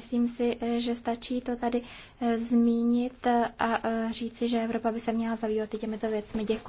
Myslím si, eh, že stačí to tady eh, zmínit a eh, říci, že Evropa by se měla zabývat i těmito věcmi. Děkuji.